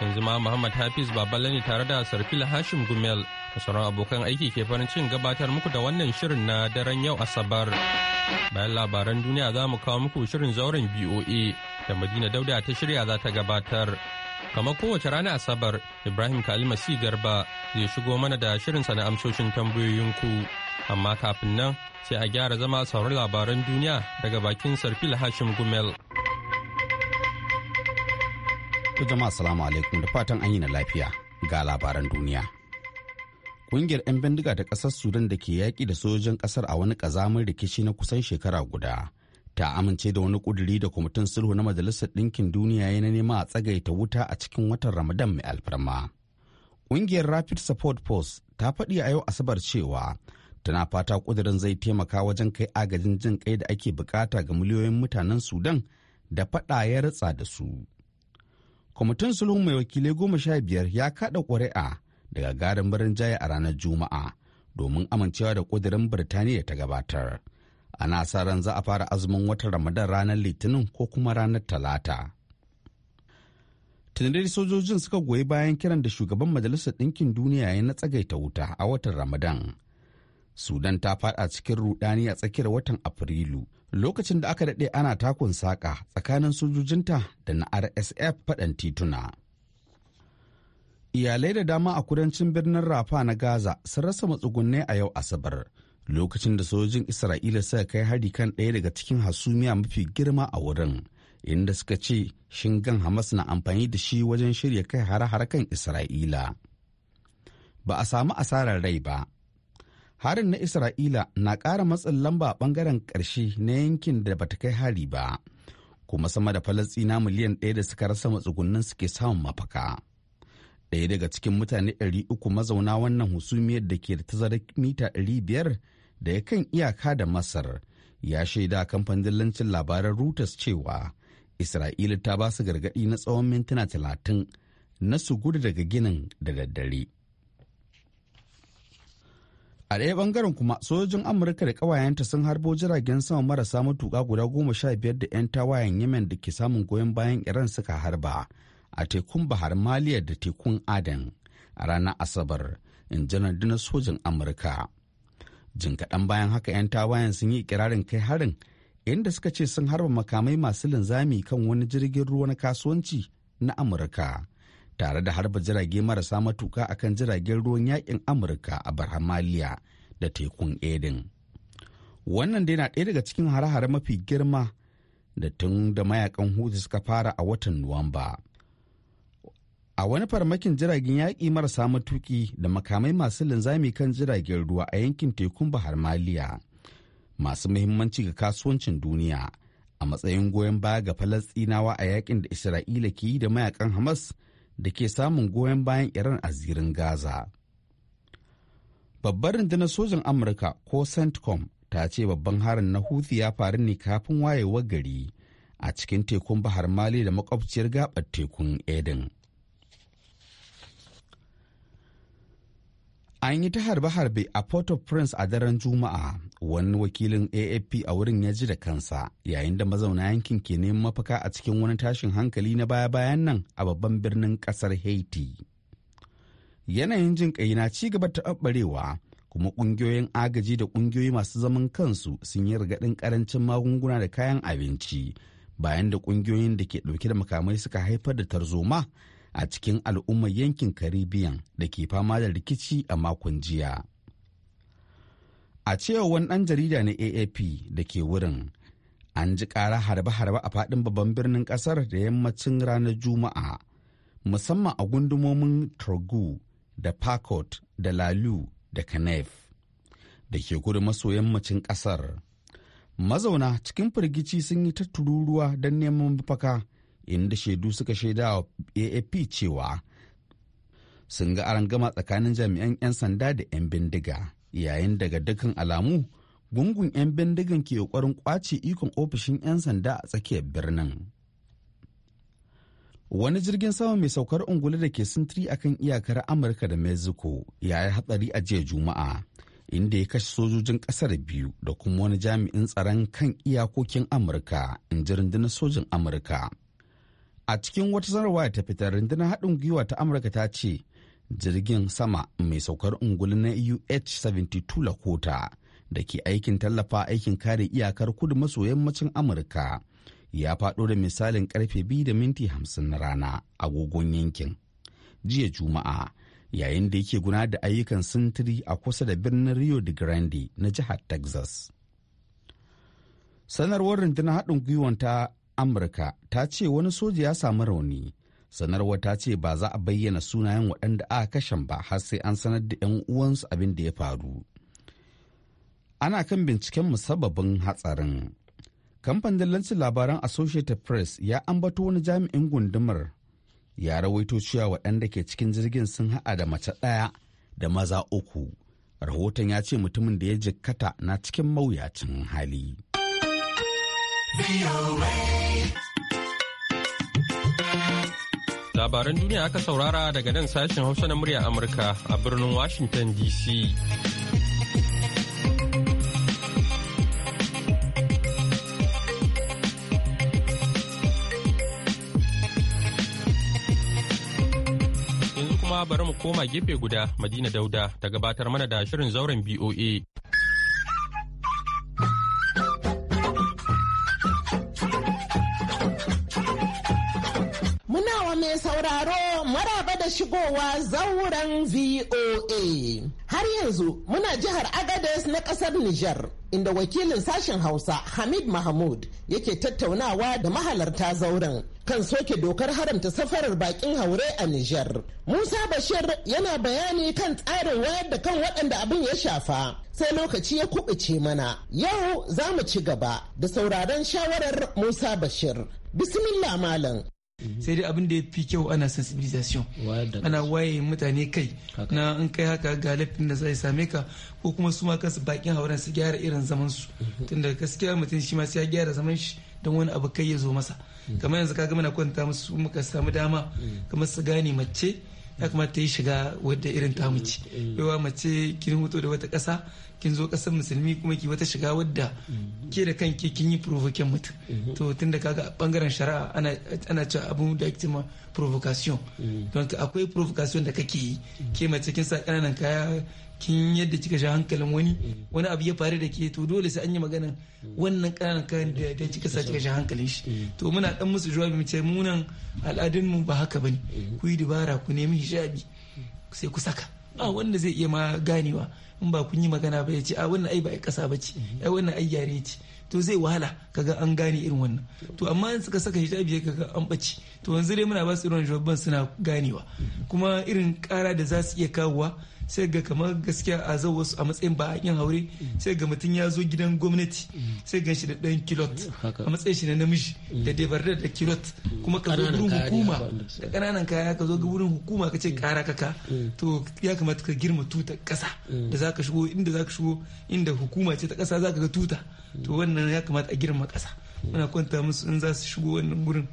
yanzu ma Muhammad Hafiz Baballe ne tare da Sarfila Hashim Gumel da sauran abokan aiki ke farin cin gabatar muku da wannan shirin na daren yau Asabar. Bayan labaran duniya za mu kawo muku shirin zauren BOA da Madina Dauda ta shirya za ta gabatar. Kamar kowace rana Asabar, Ibrahim Kalima si Garba zai shigo mana da shirin na amsoshin tambayoyinku. Amma kafin nan sai a gyara zama sauran labaran duniya daga bakin Sarfila Hashim Gumel. To jama'a salamu alaikum da fatan an yi na lafiya ga labaran duniya. Kungiyar 'yan bindiga ta kasar Sudan da ke yaƙi da sojojin ƙasar a wani ƙazamin rikici na kusan shekara guda. Ta amince da wani ƙuduri da kwamitin sulhu na Majalisar Ɗinkin Duniya ya na nema a tsagaita wuta a cikin watan Ramadan mai alfarma. Kungiyar Rapid Support Force ta faɗi a yau Asabar cewa tana fata ƙudurin zai taimaka wajen kai agajin jin kai da ake bukata ga miliyoyin mutanen Sudan da faɗa ya ratsa da su. kwamitin sulhun mai wakilai goma sha biyar ya kaɗa ƙuri'a daga garin birnin jaya a ranar juma'a domin amincewa da ƙudurin birtaniya ta gabatar ana sa ran za a fara azumin watan ramadan ranar litinin ko kuma ranar talata tunadai sojojin suka goyi bayan kiran da shugaban majalisar ɗinkin duniya ya na tsagaita wuta a watan ramadan sudan ta faɗa cikin rudani a tsakiyar watan afrilu lokacin da aka daɗe ana takun saƙa tsakanin sojojinta da na rsf faɗan tituna iyalai da dama a kudancin birnin rafa na gaza sun rasa matsugunne a yau asabar lokacin da sojojin isra'ila suka kai hari kan ɗaya daga cikin hasumiya mafi girma a wurin inda suka ce shingan hamas na amfani da shi wajen shirya kai hare-hare kan isra'ila ba a samu asarar rai ba harin na isra'ila na ƙara matsin lamba a ɓangaren ƙarshe na yankin da bata kai hari ba kuma sama da falastina miliyan ɗaya da suka rasa matsugunan suke samun mafaka ɗaya daga cikin mutane ɗari uku mazauna wannan husumiyar da ke da tazarar mita ɗari biyar da ya kan iyaka da masar ya shaida kamfanin dillancin labaran reuters cewa isra'ila ta ba su gargaɗi na tsawon mintuna talatin na su gudu daga ginin da daddare a ɗaya bangaren kuma sojojin amurka da ƙawayenta sun harbo jiragen sama marasa matuka guda goma sha biyar da 'yan tawayen yemen da ke samun goyon bayan iran suka harba a tekun bahar maliya da tekun aden a ranar asabar in ji na sojin amurka jin kaɗan bayan haka 'yan tawayen sun yi ikirarin kai harin inda suka ce sun harba makamai masu linzami kan wani jirgin ruwa na kasuwanci na amurka tare da harba jirage marasa matuka a kan jiragen ruwan yakin amurka a barhamaliya da tekun edin wannan dai na ɗaya daga cikin hare-hare mafi girma da tun da mayakan hutu suka fara a watan nuwamba a wani farmakin jiragen yaƙi marasa matuki da makamai masu linzami kan jiragen ruwa a yankin tekun bahar maliya masu muhimmanci ga kasuwancin duniya a matsayin goyon baya ga falasɗinawa a yakin da isra'ila ke yi da mayakan hamas da ke samun goyon bayan iran a zirin gaza babbar rundunar sojin amurka ko centcom ta ce babban harin na huthi ya faru ne kafin wayewar gari a cikin tekun bahar mali da makwabciyar gabar tekun edin. An yi ta harbe-harbe a Port-au-Prince a daren Juma'a, wani wakilin AFP a wurin ya ji da kansa yayin da mazauna yankin ke neman mafaka a cikin wani tashin hankali na baya-bayan nan a babban birnin kasar Haiti. Yanayin jin kai na ci gaba taɓarewa kuma ƙungiyoyin agaji da ƙungiyoyi masu zaman kansu sun yi rigaɗin ƙarancin magunguna da kayan abinci bayan da ƙungiyoyin da ke ɗauke da makamai suka haifar da tarzoma a cikin al'ummar yankin caribbean da ke fama da rikici a makon jiya a cewa wani ɗan jarida na aap da ke wurin an ji ƙara harbe-harbe a faɗin babban birnin ƙasar da yammacin ranar juma'a musamman a gundumomin Trogu da Pacot da Lalu da Kanef da ke kudu maso yammacin ƙasar. Mazauna cikin firgici sun yi ta tururuwa don neman mafaka inda shaidu suka shaida wa AAP cewa sun ga gama tsakanin jami'an 'yan sanda da 'yan bindiga yayin daga dukkan alamu gungun 'yan bindigan ke kwarin kwace ikon ofishin 'yan sanda a tsakiyar birnin wani jirgin sama mai saukar ungulu da ke sintiri akan iyakar amurka da mexico ya yi hatsari a jiya juma'a inda ya kashe sojojin kasar biyu da kuma wani jami'in tsaron kan iyakokin amurka in ji rundunar sojin amurka a cikin wata sanarwa ta fitar rundunar haɗin gwiwa ta amurka ta ce jirgin sama mai saukar ungulu na uh-72 lakota da ke aikin tallafa aikin kare iyakar kudu maso yammacin amurka ya faɗo da misalin karfe 2 da minti 50 na rana agogon yankin jiya juma'a yayin da yake gudanar da ayyukan sintiri a kusa da birnin rio de grande na jihar texas sanarwar rundunar haɗin gwiwan ta amurka ta ce wani soja ya samu rauni sanarwa ta ce ba za a bayyana sunayen waɗanda aka kashen ba har sai an sanar da 'yan uwansu abin da ya faru ana kan binciken musabbabin hatsarin kamfanin dillancin labaran associated press ya ambato wani jami'in gundumar ya rawaito cewa waɗanda ke cikin jirgin sun haɗa da mace ɗaya da maza uku rahoton ya ce mutumin da ya jikkata na cikin mawuyacin hali. Labaran duniya aka saurara daga nan sashen Hausa na murya Amurka a birnin Washington DC. Yanzu kuma bari mu koma gefe guda Madina Dauda ta gabatar mana da shirin zauren BOA. zauren VOA. Har yanzu muna jihar Agadez na ƙasar Nijar, inda wakilin sashen Hausa Hamid Mahmud yake tattaunawa da mahalarta zauren kan soke dokar haramta safarar bakin haure a Nijar. Musa Bashir yana bayani kan tsarin wayar da kan waɗanda abin ya shafa. Sai lokaci ya kubuce mana. Yau za mu ci gaba da sauraron shawarar Musa Bashir. Bismillah Malam. Mhm. sai dai abin da ya fi kyau ana sensibilisation ana waye mutane kai na in kai haka ga laifin da zai same ka ko kuma su ma kansu bakin hauren su gyara irin zaman su mhm. tunda gaskiya mutum shi ma sai ya gyara zaman shi don wani abu kai ya zo masa mhm. kamar yanzu kaga muna kwanta musu muka samu dama kamar su gane mace ya kamata ta yi shiga wadda irin ta mace yawa mace kin huto da wata kasa kin zo kasar musulmi kuma ki wata shiga wadda ke da kanki kin yi provokin mutum to tun da kaga bangaren shari'a ana cewa abun da ake cewa provocation mm. don akwai provocation da kake yi ke mace kin sa kananan kaya kin yadda kika sha hankalin wani mm. wani abu ya faru da ke to dole sai an yi magana mm. wannan ƙananan kayan da ya kika sa kika sha hankalin shi mm. to muna dan musu jawabi mu ce munan al'adun mu ba haka bane ku yi dubara ku nemi hijabi sai ku saka a wanda zai iya ma ganewa in ba kun yi magana ba ya ce a wannan ai ba ai kasa ba ce ai wannan ai yare ce to zai wahala kaga an gane irin wannan to amma in suka saka hijabi kaga an ɓace to yanzu dai muna ba su irin jawaban suna ganewa kuma irin kara da za su iya kawowa sai ga kamar gaskiya a zau wasu a matsayin bayan haure sai ga mutum ya zo gidan gwamnati sai gan shi da ɗan kilot a matsayin shi na namiji da debarar da kilot kuma ka zo wurin hukuma da ƙananan kaya ka zo wurin hukuma ka ce kara kaka to ya kamata ka girma tuta ƙasa da za ka shigo inda za ka shigo inda hukuma ce ta ƙasa za ka ga tuta to wannan ya kamata a girma ƙasa muna kwanta musu in za su shigo wannan gurin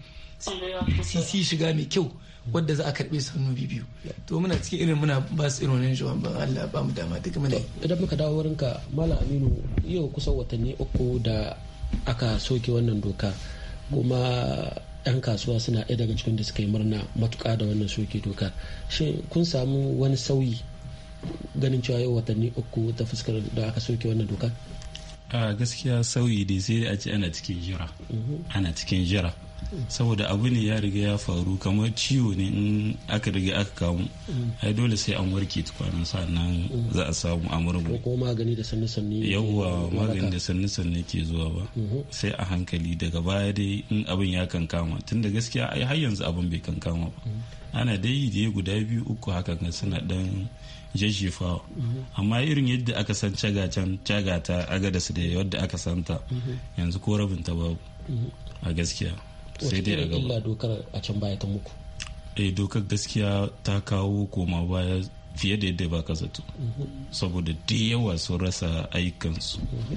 sisi shiga mai kyau wanda za a karbe su hannu biyu to muna cikin irin muna ba su irin wannan jawaban ban Allah ba mu dama duk muna idan muka dawo wurinka ka Aminu yau kusan watanni uku da aka soke wannan doka kuma yan kasuwa suna ɗaya daga cikin da suka yi murna matuƙa da wannan soke doka shin kun samu wani sauyi ganin cewa yau watanni uku ta fuskar da aka soke wannan doka a gaskiya sauyi da sai a ce ana cikin jira mhm. ana cikin jira saboda abu ne ya riga ya faru kamar ciwo ne in aka riga aka kamu mm. ai dole sai an warke tukwanan sannan mm. za a samu amurbu ko magani da sanni sanni yawwa magani da sanni sanni ke zuwa ba mm-hmm. sai a hankali daga baya dai in abin ya kankama tunda gaskiya ai har yanzu abin bai kankama ba mm. ana dai yi da guda biyu uku hakan suna dan jajjefawa mm-hmm. amma irin yadda aka san caga can caga ta agadasu da yadda aka santa mm-hmm. yanzu ko rabin ta babu a gaskiya sai dai a gaba illa dokar a can baya ta muku eh dokar gaskiya ta kawo koma baya fiye da yadda ba zato mhm. saboda da yawa sun rasa ayyukansu mhm.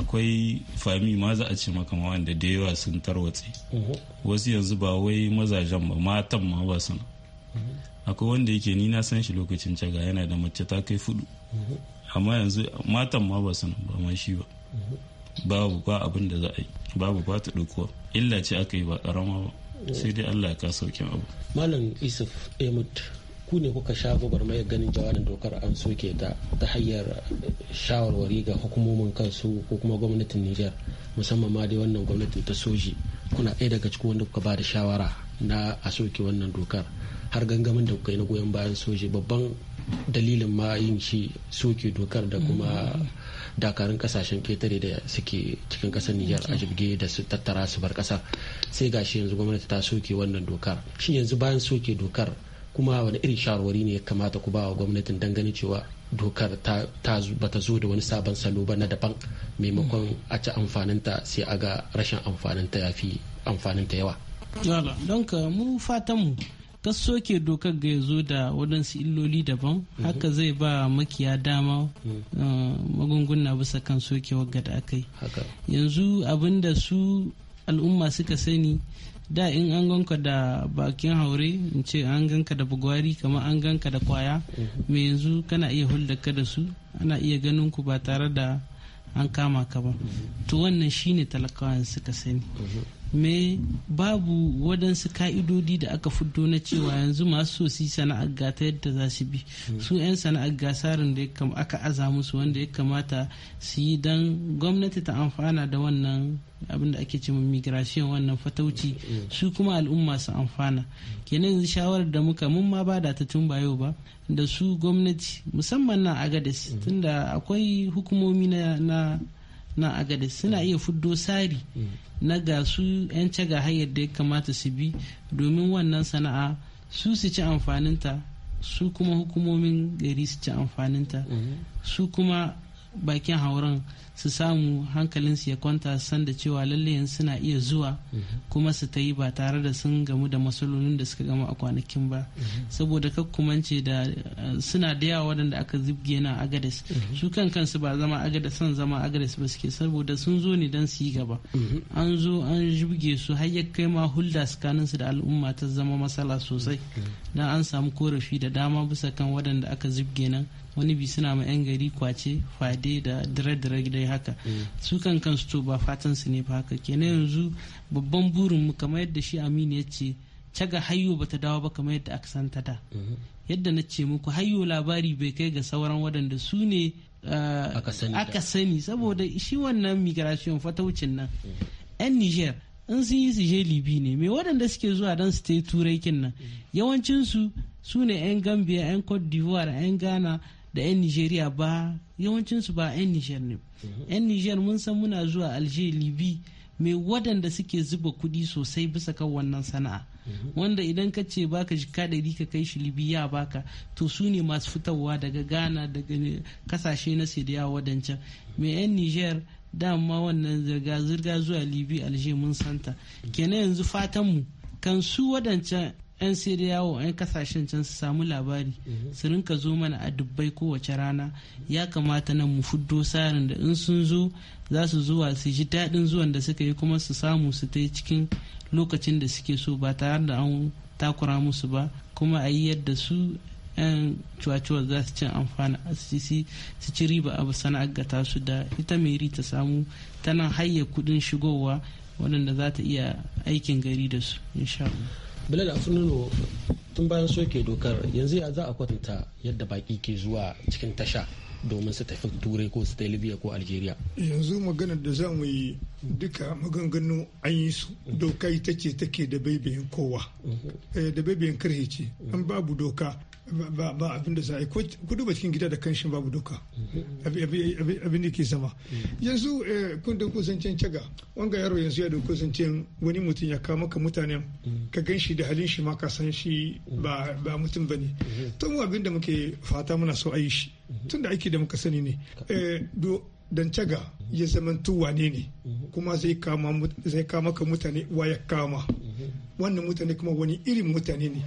akwai fami ma za a ce maka ma wanda da yawa sun tarwatse mhm. wasu yanzu ba wai mazajen ba matan ma ba sana akwai wanda yake ni na san shi lokacin caga yana da mace ta kai fudu amma yanzu matan ma ba sana ba ma shi ba babu ba abin da za a yi babu ba ta dokuwa illa ce aka yi ba karama ba sai dai allah ya kasa sauƙin abu malam isuf emut ku ne kuka sha gwagwarmayar ganin jawabin dokar an soke ta ta hanyar shawarwari ga hukumomin kansu ko kuma gwamnatin niger musamman ma dai wannan gwamnatin ta soji kuna ɗaya daga cikin wanda kuka ba da shawara na a soke wannan dokar har gangamin da kuka yi na goyon bayan soji babban dalilin ma yin shi soke dokar da kuma dakarun kasashen ketare da suke cikin kasar nijar a jirge da su tattara su bar kasar sai gashi yanzu gwamnati ta soke wannan dokar shi yanzu bayan soke dokar kuma wani irin shawarwari ne ya kamata ku bawa wa gwamnatin dangane cewa dokar ba ta zo da wani sabon salo ba na daban maimakon a ci amfaninta sai a ga rashin amfaninta ya fi amfaninta yawa. don ka mu fatanmu ka soke dokar ga ya zo da waɗansu illoli daban haka zai ba makiya dama mm-hmm. uh, magunguna bisa kan sokewar ga da aka yi yanzu abin da su al'umma suka sani da in an ganka da bakin haure in ce an ganka da bugwari kamar an ganka da kwaya mai mm-hmm. yanzu kana iya ka da su ana iya ganin ku ba tare da an kama ka ba mm-hmm. to wannan shine talakawan suka sani me babu waɗansu ka'idodi da aka fito na cewa yanzu masu sosi su sana'ar gata yadda za su bi hmm. su 'yan sana'ar gasarin da aka aza musu wanda ya kamata su yi don gwamnati ta amfana da wannan abin da ake cewa migration wannan fatauci hmm. su kuma al'umma su amfana kenan shawarar da muka mun ma ba da ta tun ba yau ba da su gwamnati musamman na agadis hmm. tunda akwai hukumomi na na agade suna iya fuddo sari na ga su 'yan caga hayar da ya kamata su bi domin wannan sana'a su su ci amfaninta su kuma hukumomin gari su ci amfaninta su kuma bakin hauren su samu hankalin su ya kwanta san da cewa lalle suna iya zuwa mhm. kuma su ta yi ba tare da sun gamu da matsalolin da suka gama a kwanakin ba mhm. saboda kakkumance da eh, suna da yawa waɗanda aka zibge na agades mhm. su kan kansu ba zama agades san zama agades ba suke saboda sun zo ne don su yi gaba an zo an zibge su har ya kai ma hulda tsakaninsu da al'umma ta zama matsala sosai don an samu korafi da dama bisa kan waɗanda aka zibge nan wani bi suna ma 'yan gari kwace fade da dire-dire dai haka mm. su kan kansu to ba fatan su ne ba haka kenan yanzu babban burin mu kamar yadda shi aminu ya ce caga hayo bata dawo ba kamar yadda aka ta da mm-hmm. yadda na ce muku hayo labari bai kai ga sauran waɗanda su ne uh, aka sani saboda shi wannan migration fataucin nan mm-hmm. 'yan niger in sun yi su je libi ne mai waɗanda suke zuwa don su ta yi turai kin nan mm-hmm. yawancinsu su ne 'yan gambia 'yan cote d'ivoire 'yan ghana da 'yan nigeria ba yawancinsu ba 'yan niger ne mhm. 'yan niger mun san muna zuwa alger libi mai waɗanda suke zuba kuɗi sosai bisa kan wannan sana'a mhm. wanda idan ka ce baka jika ɗari ka kai shi ya baka to su ne masu fitowa daga ghana daga kasashe na sidiya wadancan mai 'yan niger dama wannan zirga-zirga zuwa libi alger mun santa mhm. kenan yanzu fatanmu kan su waɗancan 'yan wa 'yan kasashen can su samu labari mhm. su rinka zo mana a dubbai kowace rana ya kamata nan mu fuddo sarin da in sun zo za su zuwa su ji daɗin zuwan da suka yi kuma su samu su ta cikin lokacin da suke so ba tare da an takura musu ba kuma a yi yadda su 'yan cuwacuwa za su ci amfana su ci riba a sana'ar ga su da ita mai ta samu tana haye kudin shigowa waɗanda za ta iya aikin gari da su insha bilal a tun bayan soke dokar yanzu ya za a kwatanta yadda baki ke zuwa cikin tasha domin su tafi turai ko su libya ko algeria yanzu maganar da za mu yi duka maganganu an yi su doka ita ce take da baibayin kowa mhm. eh, da baibayin karhe ce an babu doka ba abin da za a yi ku duba cikin gida da kanshin babu doka abin da ke zama. yanzu eh, kundin kusancin caga wanga yaro yanzu ya dauki kusancin wani mutum ya kama ka mutanen ka gan shi da halin shi ma ka san shi ba mutum ba ne to mu abin da muke fata muna so a yi shi tun da aiki da muka sani ne eh, Dan caga ya zamantu wane ne kuma zai kama ka mutane wa ya kama wannan mutane kuma wani irin mutane ne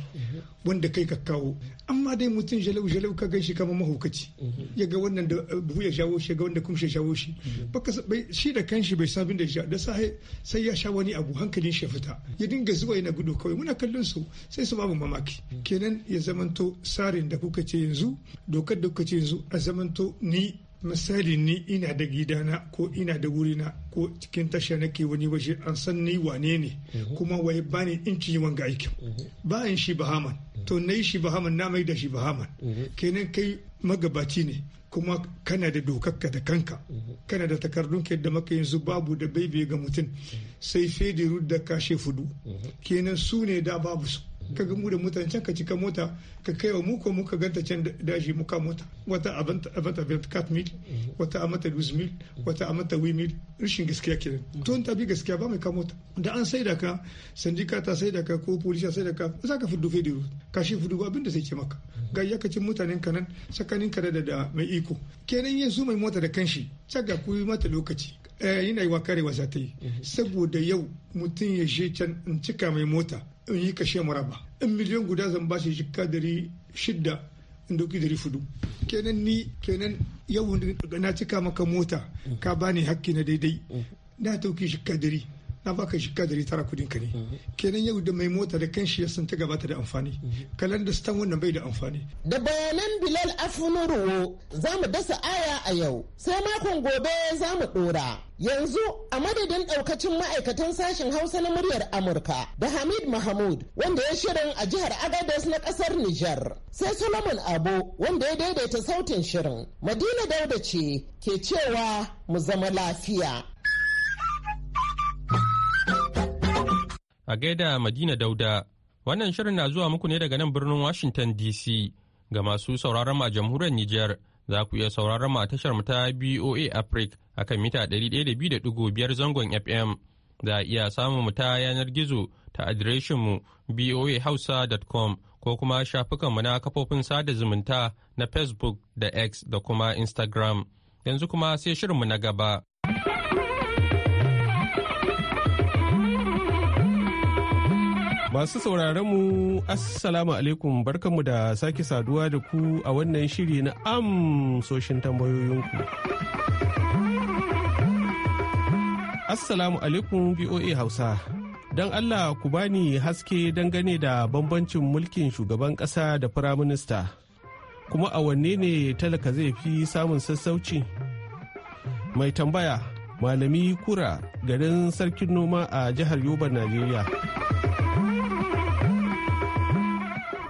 wanda kai ka kawo amma dai mutum jalau jalau ka gan shi kama mahaukaci mhm. ya ga wannan da eh, buhu ya shawo shi ga wanda kuma ya shawo shi mhm. shi da kanshi bai sabin da sha da sai sai ya sha wani abu hankalin shi ya fita ya dinga zuwa yana gudu kawai muna kallon su sai su babu mamaki mhm. kenan ya zamanto sarin da kuka ce yanzu dokar da kuka ce yanzu a zamanto ni misali ni ina da gidana ko ina da wurina ko cikin tasha nake wani waje an san ni wane ne mhm. kuma wai bani in ci wanga aikin mhm. ba in shi bahaman mhm. to na yi shi bahaman na mai da shi bahaman kenan kai magabaci ne kuma kana da dokakka da kanka kana da takardun ke da maka yanzu babu da baibe ga mutum sai fediru da kashe fudu kenan su ne da babu su ka ga mu da mutane can ka cika mota ka kai wa mu ko muka ganta can daji muka mota wata abanta ta cat mil wata a dus mil wata amata wi mil rishin gaskiya kenan to ta bi gaskiya ba mai ka mota da an saida ka sandika ta saida ka ko polisiya saida ka za ka fudu da ka shi fudu abin da sai ke maka ga yakacin mutanen ka nan tsakanin ka da mai iko kenan yin su mai mota da kanshi tsaga ku yi mata lokaci eh, yana yi karewa za ta yi mhm. saboda yau mutum ya je can in cika mai mota in yi kashe maraba in miliyan guda zan ba shi jikka dari shidda in doki dari fudu kenan ni kenan yau na cika maka mota ka bani hakki na daidai na tauki jikka dari na baka shi kadari tara kudin ka ne mhm. kenan yau da mai mota da kanshi ya san ta gabata da amfani mhm. kalan da stan wannan bai da amfani da bayanan bilal afunuru za mu dasa aya a yau sai makon gobe za mu dora yanzu a madadin daukacin ma'aikatan sashen hausa na muryar amurka da hamid mahmud wanda ya shirin a jihar agadez na kasar nijar sai solomon abu wanda ya daidaita sautin shirin madina dauda ce ke cewa mu zama lafiya a gaida Madina Dauda. Wannan shirin na zuwa muku ne daga nan birnin Washington DC ga masu sauraron a jamhuriyar Nijar. Za ku iya sauraron a tashar mu ta BOA Africa a kan mita 102.5 zangon FM. Za a iya samun mu ta yanar gizo ta adireshin mu boahausa.com ko kuma shafukan mu na kafofin sada zumunta na Facebook da X da kuma Instagram. Yanzu kuma sai shirinmu na gaba. Masu sauraron mu Assalamu alaikum barkanmu da sake saduwa da ku a wannan shiri na amsoshin tambayoyinku. Assalamu alaikum BOA Hausa. Don Allah ku bani haske dangane da bambancin mulkin shugaban ƙasa da firaminista. Kuma a wanne ne talaka zai fi samun sassauci? Mai tambaya, Malami Kura garin Sarkin Noma a jihar Yoba, Najeriya.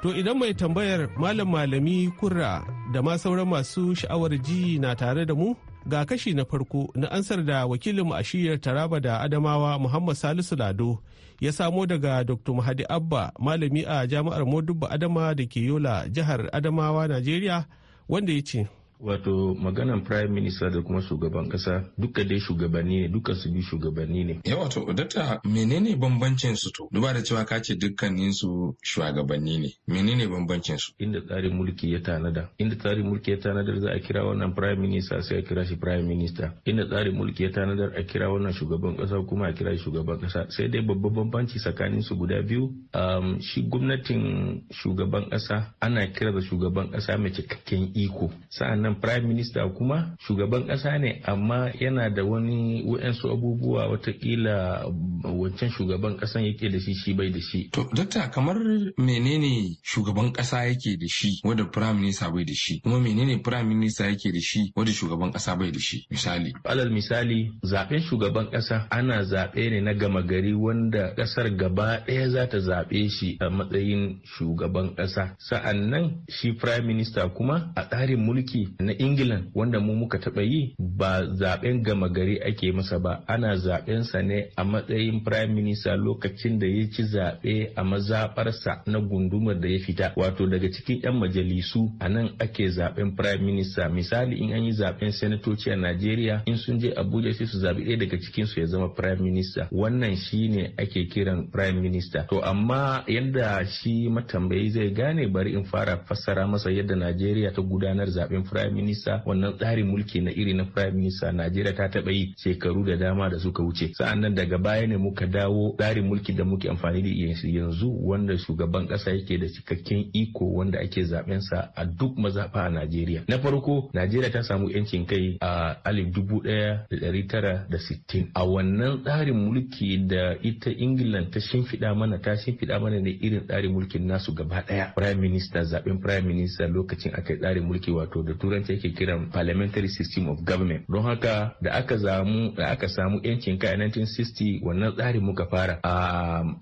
To idan mai tambayar malam malami kurra da ma sauran masu sha'awar ji na tare da mu ga kashi na farko na ansar da wakilin a shiyar Taraba da Adamawa Muhammad Salisu Lado ya samo daga Dr. Mahadi Abba malami a jami'ar Modubba Adama da ke Yola jihar Adamawa Najeriya wanda ya ce. wato maganan prime minister da kuma shugaban kasa duka dai shugabanni ne duka su bi shugabanni ne ya wato data menene bambancin su to duba da cewa kace dukkanin su shugabanni ne menene bambancin su inda tsarin mulki ya tanada inda tsarin mulki ya tanada za a kira wannan prime minister sai a kira shi prime minister inda tsarin mulki ya tanada a kira wannan shugaban kasa kuma a kira shugaban kasa sai dai babban bambanci tsakanin su guda biyu um, shi gwamnatin shugaban kasa ana kira da shugaban kasa mai cikakken iko sa'an wannan prime minister kuma shugaban kasa ne amma yana da wani wa'ansu abubuwa watakila wancan shugaban kasan yake da shi shi bai da shi. To, dakta kamar menene shugaban kasa yake da shi wanda prime minister bai da shi kuma menene prime minister yake da shi wanda shugaban kasa bai da shi misali. Alal misali zaɓen shugaban kasa ana zaɓe ne na gama gari wanda kasar gaba ɗaya za ta zaɓe shi a matsayin shugaban kasa. sa'annan nan shi prime minister kuma a tsarin mulki na England wanda mu muka taɓa yi ba zaɓen gama gari ake masa ba ana zaɓen sa ne a matsayin prime minister lokacin da ya ci zaɓe a mazaɓarsa na gundumar da ya fita wato daga cikin 'yan majalisu a nan ake zaɓen prime minister misali in an yi zaɓen senatoci a Najeriya in sun je Abuja sai su zaɓi ɗaya daga cikin su ya zama prime minister wannan shine ake kiran prime minister to amma yadda shi matambayi zai gane bari in fara fassara masa yadda Najeriya ta gudanar zaɓen prime prime minister wannan tsarin mulki na iri na prime minister Najeriya ta taɓa yi shekaru da dama da suka wuce sa'an nan daga baya ne muka dawo tsarin mulki da muke amfani da yanzu yanzu wanda shugaban kasa yake da cikakken iko wanda ake zaben sa a duk mazafa a Najeriya na farko Najeriya ta samu yancin kai a alif dubu ɗaya ɗari tara da sittin a wannan tsarin mulki da ita England ta shimfiɗa mana ta shimfiɗa mana ne irin tsarin mulkin nasu gaba ɗaya prime minister zaben prime minister lokacin aka tsarin mulki wato da turai turanci yake kiran parliamentary system of government don haka da aka samu da aka samu yancin kai 1960 wannan tsarin muka fara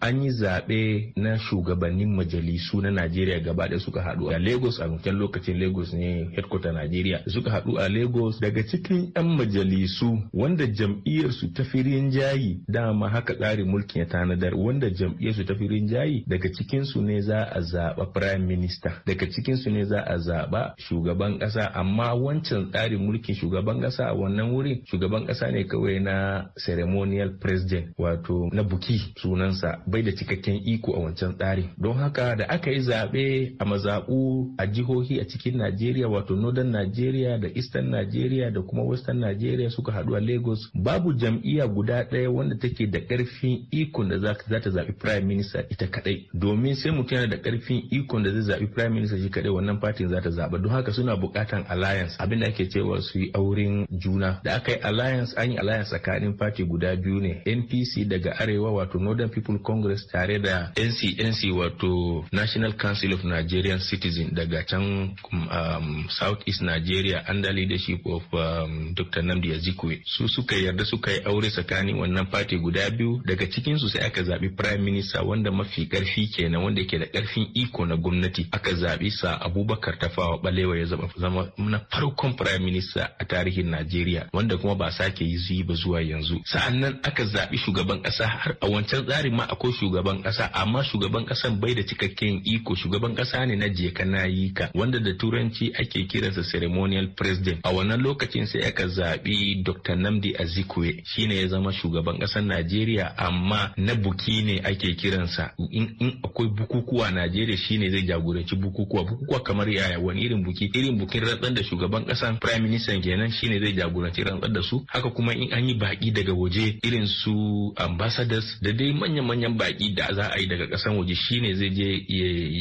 an yi zaɓe na shugabannin majalisu na Najeriya gaba ɗaya suka haɗu a Lagos a wancan lokacin Lagos ne headquarter Najeriya suka haɗu a Lagos daga cikin 'yan majalisu wanda jam'iyyar su ta firin jayi dama haka tsarin mulkin ya tanadar wanda jam'iyyar su ta firin jayi daga cikin su ne za a zaɓa prime minister daga cikin su ne za a zaɓa shugaban ƙasa a amma wancan tsarin mulkin shugaban kasa a wannan wurin shugaban kasa ne kawai na ceremonial president wato na buki sunansa bai da cikakken iko a wancan tsarin don haka da aka yi zaɓe a mazaɓu a jihohi a cikin najeriya wato northern najeriya da eastern najeriya da kuma western najeriya suka haɗu a lagos babu jam'iyya guda ɗaya wanda take da ƙarfin ikon da za ta zaɓi prime minister ita kaɗai domin sai mutum yana da ƙarfin iko da zai zaɓi prime minister shi kaɗai wannan fatin za ta zaɓa don haka suna buƙatan a alliance abin da ake cewa su yi auren juna da aka yi alliance an yi alliance tsakanin party guda biyu ne npc daga arewa wato northern people congress tare da ncnc wato national council of nigerian citizen daga can um, um, south east nigeria under leadership of um, dr namdi azikwe su suka yarda suka yi aure tsakanin wannan party guda biyu daga cikinsu sai aka zaɓi prime minister wanda mafi karfi kenan wanda ke da karfin iko na gwamnati aka zaɓi sa abubakar tafawa balewa ya zama na farkon prime minister a tarihin Najeriya wanda kuma ba sake yi ba zuwa yanzu. Sa'an nan aka zaɓi shugaban ƙasa har a wancan tsarin ma akwai shugaban ƙasa amma shugaban ƙasan bai da cikakken iko shugaban ƙasa ne na jeka na yi ka wanda da turanci ake kiransa ceremonial president. A wannan lokacin sai aka zaɓi Dr. Namdi Azikwe shine ya zama shugaban ƙasar Najeriya amma na buki ne ake kiransa in, in akwai bukukuwa Najeriya shine zai jagoranci bukukuwa bukukuwa kamar yaya wani irin buki irin bukin rantsar da shugaban kasa prime minister kenan shine zai jagoranci rantsar da su haka kuma in an yi baki daga waje irin su ambassadors da dai manyan manyan baki da za a yi daga kasan waje shine zai je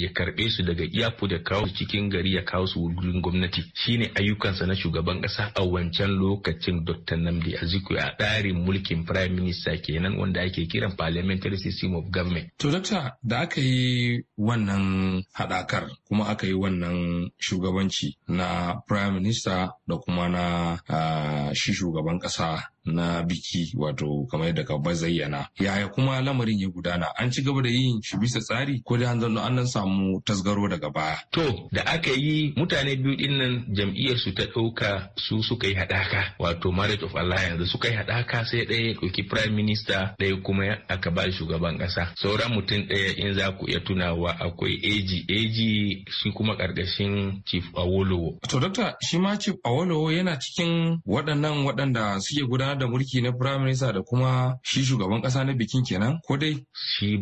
ya karbe su daga iyapu da kawo cikin gari ya kawo su wurin gwamnati shine ayyukansa na shugaban kasa a wancan lokacin dr namdi aziku a tsarin mulkin prime minister kenan wanda ake kiran parliamentary system of government to doctor da aka yi wannan haɗakar kuma aka yi wannan shugabanci na Prime Minister da kuma na ah, shi shugaban ƙasa na biki wato kamar yadda ka bazayyana yaya kuma lamarin ya gudana an ci gaba da yin shi bisa tsari ko da hanzarin an nan samu tasgaro daga baya to da aka yi mutane biyu din nan jam'iyyar su ta ɗauka su suka yi haɗaka wato marriage of alliance da suka yi haɗaka sai ɗaya ya ɗauki prime minister ɗaya kuma aka ba shugaban ƙasa sauran mutum ɗaya in za ku iya tunawa akwai AG AG shi kuma ƙarƙashin chief awolowo to dokta shi ma chief awolowo yana cikin waɗannan waɗanda suke gudanar da mulki na prime minister da kuma shi shugaban kasa na bikin kenan ko dai shi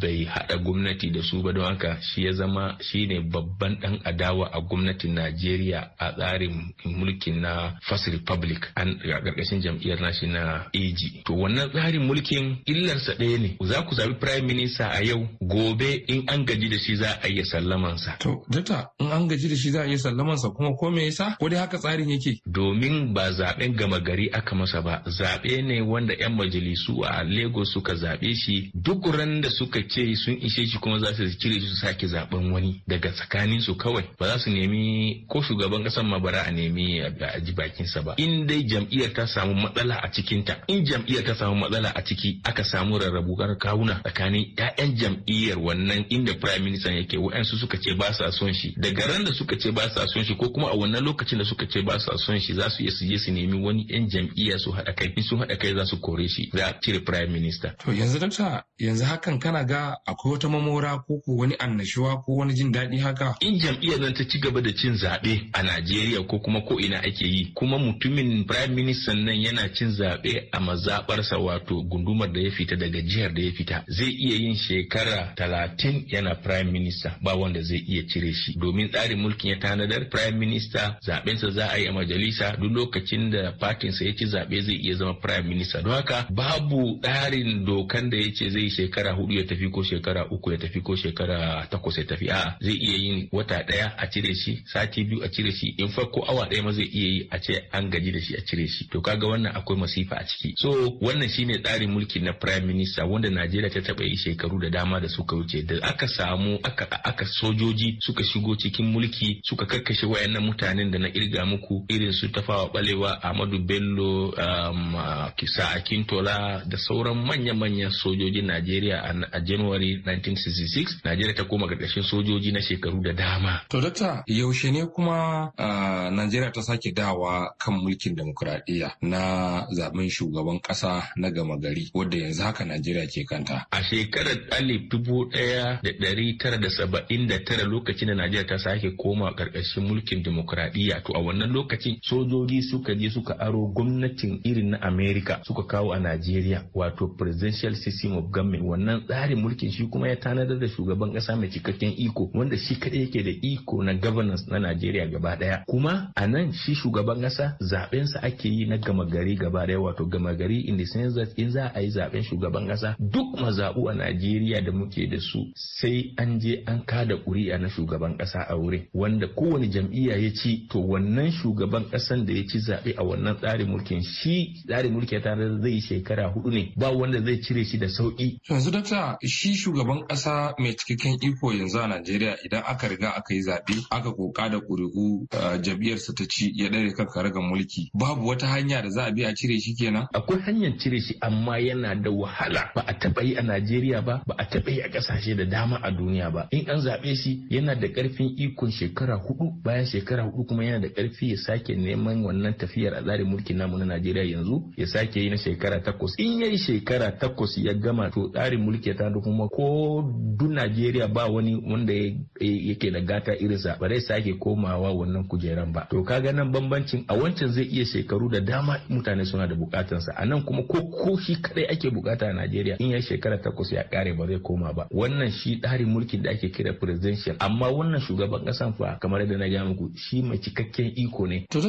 bai haɗa gwamnati da su ba don haka shi ya zama shi ne babban dan adawa a gwamnatin Najeriya a tsarin mulkin na First Republic an ƙarƙashin jam'iyyar nashi na AG to wannan tsarin mulkin illarsa ɗaya ne za ku zabi prime minister a yau gobe in an gaji da shi za a iya sallamansa to data in an gaji da shi za a iya sallamansa kuma ko me yasa ko dai haka tsarin yake domin ba zaben gama gari aka masa ba ba zaɓe ne wanda 'yan majalisu a lagos suka zaɓe shi duk ran da suka ce sun ishe shi kuma za su cire su sake zaɓen wani daga tsakanin su kawai ba za su nemi ko shugaban ƙasar ma bara a nemi a ji bakinsa ba in dai jam'iyyar ta samu matsala a cikin ta in jam'iyyar ta samu matsala a ciki aka samu rarrabu rarrabuwar kawuna tsakanin 'ya'yan jam'iyyar wannan inda prime minister yake wa'ansu suka ce ba sa son shi daga ran da suka ce ba sa son shi ko kuma a wannan lokacin da suka ce ba sa son shi za su iya su je su nemi wani 'yan jam'iyya su haɗa kai in sun haɗa kai za su kore shi za a cire prime minister. To yanzu dakta yanzu hakan kana ga akwai wata mamora ko ko wani annashuwa ko wani jin daɗi haka. In jam'iyyar nan ta ci gaba da cin zaɓe a Najeriya ko kuma ko ina ake yi kuma mutumin prime minister nan yana cin zaɓe a mazaɓarsa wato gundumar da ya fita daga jihar da ya fita zai iya yin shekara talatin yana prime minister ba wanda zai iya cire shi domin tsarin mulkin ya tanadar prime minister zaɓensa za a yi a majalisa duk lokacin da fatinsa ya ci zaɓe zai zai iya zama prime minister don haka babu tsarin dokan da yace zai shekara hudu ya tafi ko shekara uku ya tafi ko shekara takwas ya tafi a'a zai iya yin wata daya a cire shi sati biyu a cire shi in farko awa daya ma zai iya yi a ce an gaji da shi a cire shi to kaga wannan akwai masifa a ciki so wannan shine tsarin mulki na prime minister wanda Najeriya ta taba yi shekaru da dama da suka wuce da aka samu aka aka sojoji suka shigo cikin mulki suka kakkashe wayannan mutanen da na kirga muku irin su tafawa balewa Ahmadu Bello uh, um, uh, kisa akintola da sauran manya-manyan sojojin najeriya a january 1966 najeriya ta koma ƙarƙashin sojoji na shekaru da dama to dakta yaushe ne kuma uh, najeriya ta sake dawa kan mulkin demokuraɗiyya na zaben shugaban ƙasa na gama gari wadda yanzu haka najeriya ke kanta a shekarar alif dubu ɗaya da ɗari tara da saba'in da tara lokacin da najeriya ta sake koma ƙarƙashin mulkin demokuraɗiyya to a wannan lokacin sojoji suka je suka aro gwamnatin irin na America suka kawo a Najeriya wato presidential system of government wannan tsarin mulkin shi kuma ya tanadar da shugaban kasa mai cikakken iko wanda shi kadai yake da iko na governance na Najeriya gaba daya kuma a nan shi shugaban kasa zaben ake yi na gama gari gaba daya wato gama gari in the sense that in za a yi zaben shugaban kasa duk mazabu a Najeriya da muke da su sai an je an da kuri'a na shugaban kasa a wuri wanda kowane jam'iyya ya ci to wannan shugaban kasan da ya ci zabe a wannan tsarin mulkin shi shi tsarin mulki ta zai shekara hudu ne ba wanda zai cire shi da sauki. yanzu dakta shi shugaban kasa mai cikakken iko yanzu a najeriya idan aka riga aka yi zaɓe aka koka da ƙuri'u eh, jam'iyyarsa ta ci ya ɗare kan ga mulki babu wata hanya da za a bi a cire shi kenan. akwai hanyar cire shi amma yana da wahala ba a taɓa yi a najeriya ba ba a taɓa yi a ƙasashe da dama a duniya ba in an zaɓe shi yana da ƙarfin ikon shekara hudu bayan shekara hudu kuma yana da ƙarfi ya sake neman wannan tafiyar a tsarin mulki namu na najeriya Najeriya yanzu ya sake yi na shekara takwas in yayi shekara takwas ya gama to tsarin mulki ta kuma ko duk Najeriya ba wani wanda yake da gata irinsa ba zai sake komawa wannan kujeran ba to kaga nan bambancin a wancan zai iya shekaru da dama mutane suna da bukatansa a nan kuma ko ko shi kadai ake bukata a Najeriya in ya shekara takwas ya kare ba zai koma ba wannan shi tsarin mulki da ake kira presidential amma wannan shugaban kasan fa kamar yadda na gaya muku shi mai cikakken iko ne to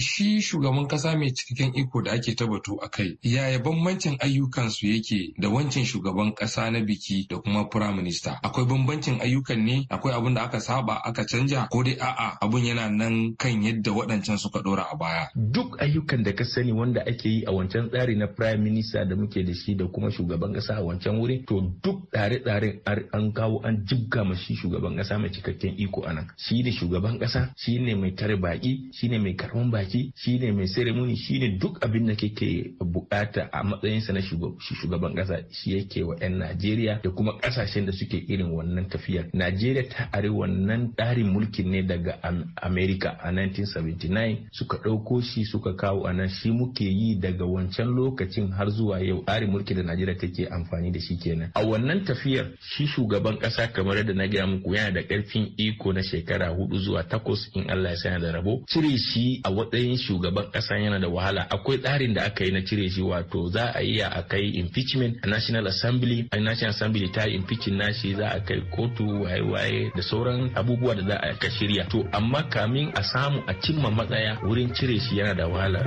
shi shugaban kasa mai cikakken iko da ake ta a kai yaya bambancin ayyukansu yake da wancan shugaban ƙasa na biki da kuma firaminista akwai bambancin ayyukan ne akwai abin da aka saba aka canja ko dai a'a abin yana nan kan yadda waɗancan suka ɗora a baya duk ayyukan da ka sani wanda ake yi a wancan tsari na firaminista da muke da shi da kuma shugaban kasa a wancan wuri to duk tsare-tsaren an kawo an jibga ma shi shugaban ƙasa mai cikakken iko a nan, shi ne shugaban ƙasa shi ne mai tare baki shi ne mai karɓan baki shi ne mai seremoni shi ne duk abin da kake bukata a matsayinsa na shugaban kasa shi yake wa 'yan Najeriya da kuma kasashen da suke irin wannan tafiyar. Najeriya ta are wannan tsarin mulkin ne daga Amerika a 1979 suka ɗauko shi suka kawo a nan shi muke yi daga wancan lokacin har zuwa yau tsarin mulkin da Najeriya take amfani da shi kenan. A wannan tafiyar shi shugaban kasa kamar yadda na gaya muku yana da ƙarfin iko na shekara hudu zuwa takwas in Allah ya sanya da rabo. Cire shi a matsayin shugaban kasa yana da wahala akwai tsarin da aka yi na cire shi wato za a iya a kai impeachment a national assembly a national assembly ta impeachment nashi za a kai kotu waye-waye da sauran abubuwa da za a ka shirya to amma kamin a samu a cimma matsaya wurin cire shi yana da wahala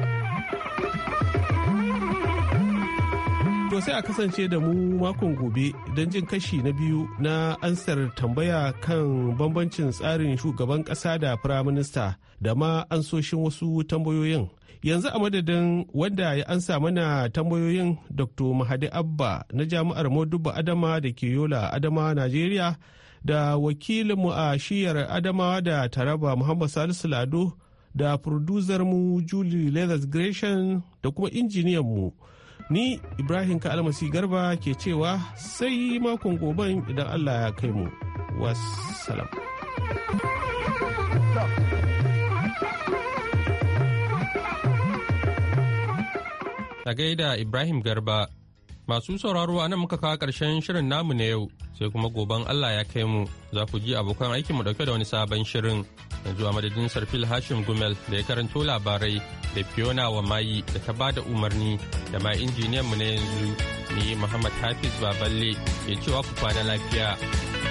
To sai a kasance da mu makon gobe don jin kashi na biyu na ansar tambaya kan bambancin tsarin shugaban ƙasa da firaminista da ma ansoshin wasu tambayoyin yanzu a madadin wanda ya ansa mana tambayoyin dr mahadi abba na jami'ar modubba adama da ke yola adama najeriya da wakilinmu a shiyar adama da taraba muhammad salisu lado da mu julie leathers gresham da kuma injiniyanmu ni ibrahim kalmasi garba ke cewa sai makon goben idan allah ya kai mu wasu wassalam. a gaida Ibrahim Garba. Masu sauraro a nan muka kawo ƙarshen shirin namu na yau sai kuma goben Allah ya kai mu za ku ji abokan aikin mu dauke da wani sabon shirin yanzu a madadin Sarfil Hashim Gumel da ya karanto labarai da Fiona wa mayi da ta bada umarni da ma injiniyan mu na yanzu ni Muhammad Hafiz Baballe ke cewa ku kwana lafiya.